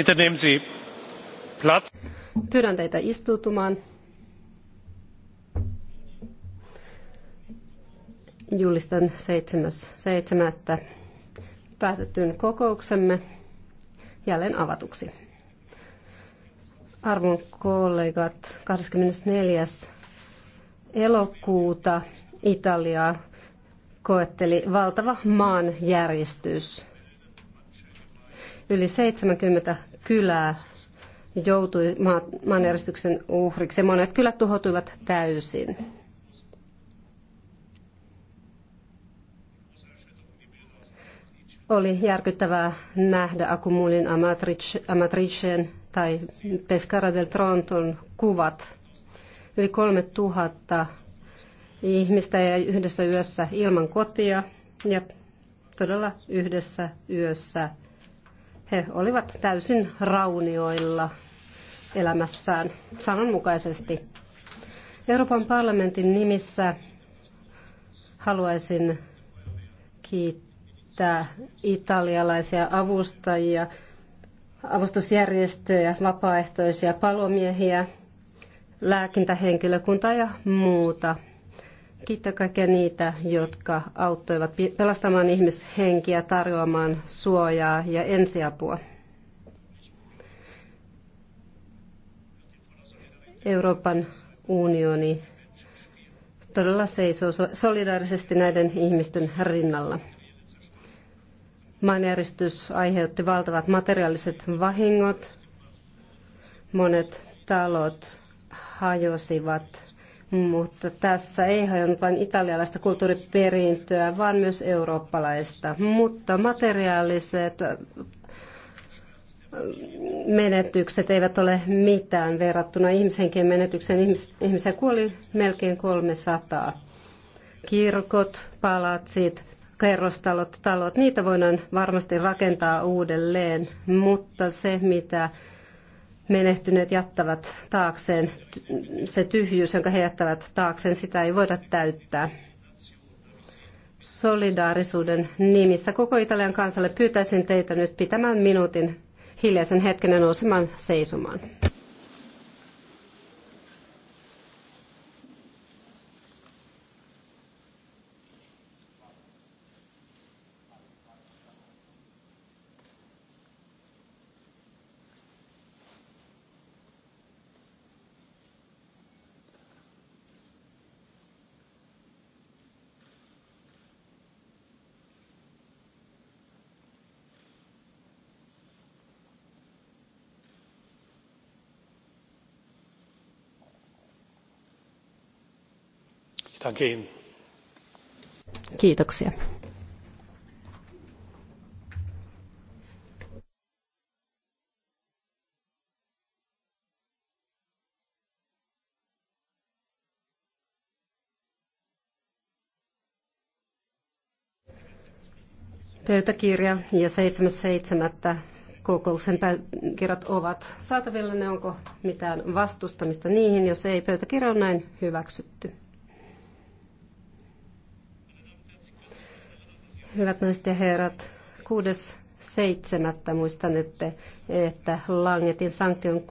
Bitte nehmen Sie Platz. Pyydän teitä istuutumaan. Julistan 7.7. päätetyn kokouksemme jälleen avatuksi. Arvon kollegat, 24. elokuuta Italia koetteli valtava maanjäristys. Yli 70 kylää joutui maanjäristyksen uhriksi. Monet kylät tuhoutuivat täysin. Oli järkyttävää nähdä Akumulin Amatricen tai Pescara del Tronton kuvat. Yli 3000 ihmistä ja yhdessä yössä ilman kotia ja todella yhdessä yössä he olivat täysin raunioilla elämässään sananmukaisesti. Euroopan parlamentin nimissä haluaisin kiittää italialaisia avustajia, avustusjärjestöjä, vapaaehtoisia palomiehiä, lääkintähenkilökuntaa ja muuta kiittää kaikkia niitä, jotka auttoivat pelastamaan ihmishenkiä, tarjoamaan suojaa ja ensiapua. Euroopan unioni todella seisoo solidaarisesti näiden ihmisten rinnalla. Maanjäristys aiheutti valtavat materiaaliset vahingot. Monet talot hajosivat mutta tässä ei hajonnut vain italialaista kulttuuriperintöä, vaan myös eurooppalaista. Mutta materiaaliset menetykset eivät ole mitään verrattuna ihmishenkien menetykseen. Ihmis, ihmisiä kuoli melkein 300. Kirkot, palatsit, kerrostalot, talot, niitä voidaan varmasti rakentaa uudelleen, mutta se mitä menehtyneet jättävät taakseen, se tyhjyys, jonka he jättävät taakseen, sitä ei voida täyttää. Solidaarisuuden nimissä koko Italian kansalle pyytäisin teitä nyt pitämään minuutin hiljaisen hetken ja nousemaan seisomaan. Kiitoksia. pöytäkirja ja 7.7. kokouksen kirjat ovat saatavilla. Ne onko mitään vastustamista niihin, jos ei pöytäkirja on näin hyväksytty. Hyvät naiset ja herrat, 6.7. muistan, että, että langetin sanktion